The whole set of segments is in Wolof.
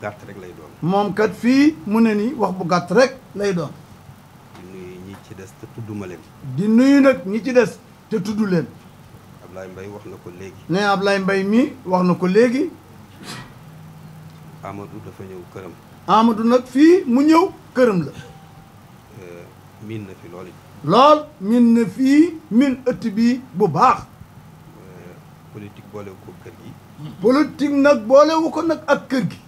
gàtt rek lay doon. moom kat fii mu ne nii wax bu gàtt rek lay doon. di nuyu ñi ci des te tudduma leen. di nuyu nag ñi ci des te tudd leen. Ablaye mbay wax na ko léegi. nee Ablaye mbay mii wax na ko léegi. Amadou dafa ñëw këram. Amadou nag fii mu ñëw këram la. Euh, miin na fi lool. lool miin na fii mil ëtt bi bu baax. Euh, politique boolewu ko kër gi. politique nag boolewu ko nag ak kër gi.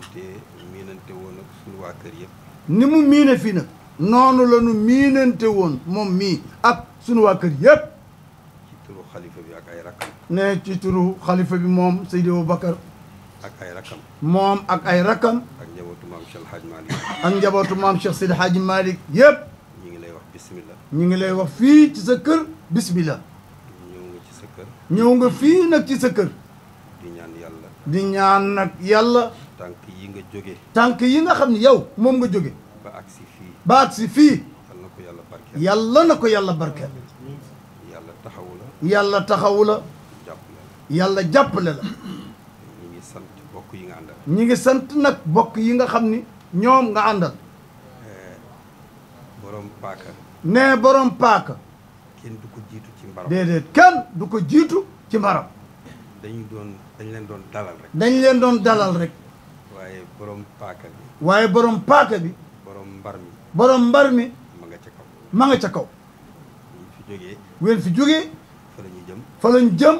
miinantee miinante woon ak suñu waa yëpp. ni mu miine fii nag noonu la ñu miinante woon moom mii ak suñu waa kër yëpp. ci turu xalifa bi ak ay rakam. ne ci turu xalifa bi moom Seydi Aboubacar. ak ay rakam. moom ak ay rakam. ak njabootu maam Cheikh ak njabootu maam Cheikh Seydi Hadj Malick yëpp. ñu ngi lay wax bismillah. ñu ngi lay wax fii ci sa kër bismillah. ñëw nga ñëw nga fii nag ci sa kër. di ñaan yàlla. di ñaan nag yàlla. tànk yi nga jóge. tànk yi nga xam ni yow moom nga jóge. ba ak si fii. ba yàlla na ko yàlla barkeel. yàlla na ko yàlla barkeel. yàlla taxawu la. yàlla taxawu la. yàlla jàppale la. ñi ngi sant bokk yi nga ñi ngi sant nag bokk yi nga xam ni ñoom nga àndal. Eh, borom paaka. nee borom paaka. ko jiitu ci kenn du ko jiitu ci mbaram. dañu doon dañ leen doon dalal rek. dañ leen doon dalal rek. waaye borom paaka bi. waaye borom paaka bi. borom mbar mi. borom mbar mi. ma nga ca kaw. ma ca kaw. fi jógee. ween fi jógee. fa la jëm. fa jëm.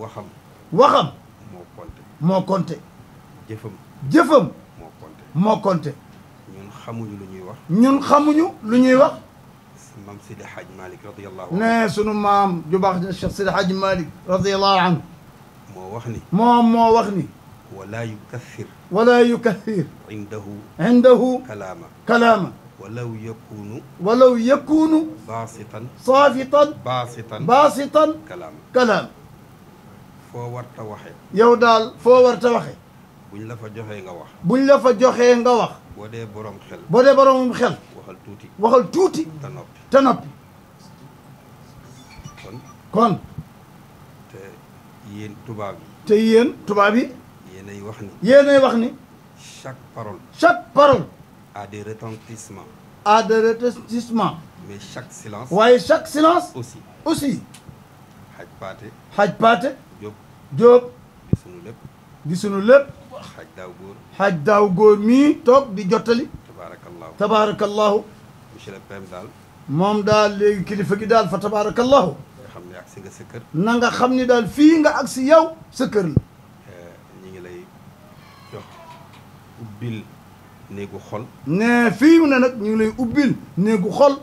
waxam. waxam. moo compté. moo compté. jëfam. jëfam. moo ñun xamuñu lu ñuy wax. ñun xamuñu lu ñuy wax. maam Sidi Hadj Malick radiyallahu anhu. nee sunu maam ju baax Cheikh Sidi Hadj Malick radiyallahu anhu. moo wax ni. moom moo wax ni. wala yukathir. wala yukathir. indahu. indahu. kalaama. kalaama. walaw yakunu. walaw yakunu. baasitan. saafitan. baasitan. baasitan. kalaama. kalaama. foo warta waxee. yow daal foo warta waxee. buñ la fa joxee nga wax. buñ la fa joxee nga wax. boo dee borom xel. boo dee borom xel. waxal tuuti. waxal tuuti. te noppi te noppi. kon. kon. te yéen tubaab te yéen tubaab yi. yéenay wax ni. yéenay wax ni. chaque parole. chaque parole. a des retentissements. a des retentissements. mais chaque silence. waaye chaque silence. aussi aussi. xaj paate. xaj paate. Diop Diop. di sunu lépp. di sunu lépp. xaj daaw góor. xaj daaw góor mii toog di jottali. tabaarakallahu tabaarakallahu. monsieur le PM moom daal léegi kilifa gi daal fa tabaarakallahu ne agsi nga sa kër. na nga xam ni daal fii nga agsi yow sa kër la. Eh, ñu ngi lay jox ubbil néegu xol. ne fii mu ne nag ñu ngi lay ubbil néegu xol.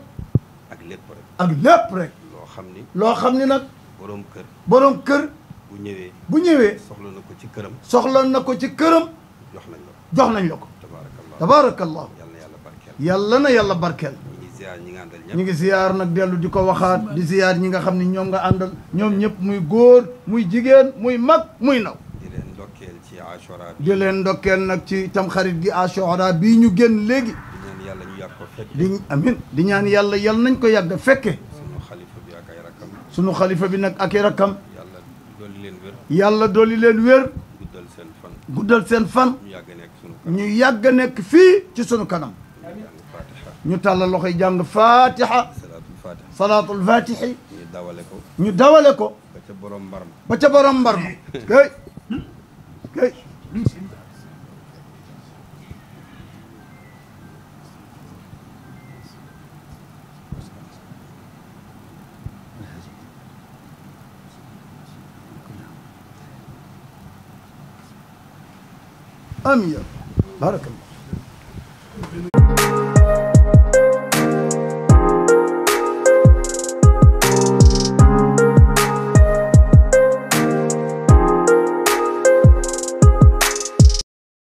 ak lépp rek. ak lépp rek. loo xam ni. loo xam ni nag. borom kër. borom kër. bu ñëwee. bu ñëwee. soxla na ko ci këram. soxla na ko ci këram. jox nañ la ko jox nañ la ko. tabaarakallah tabaarakallah. yàlla na yàlla barkeel. yàlla na yàlla barkeel. ñu ngi ziyaar nag dellu di ko waxaat di ziyaar ñi nga xam ne ñoom nga àndal ñoom ñëpp muy góor muy jigéen muy mag muy naw di leen ndokkeel nag ci tamxarit gi ashora bii ñu génn léegi di amin di ñaan yàlla yal nañ ko yàgg fekke sunu xalifa bi nag ak i rakkam yàlla dolli leen wér guddal seen fan ñu yàgg a nekk fii ci sunu kanam ñu tàllal loxo yi jàng fatiha salaatul fatihi ñu dawale ko ñu dawale ko ba ca borom mbar ma kay kay amiin barakallah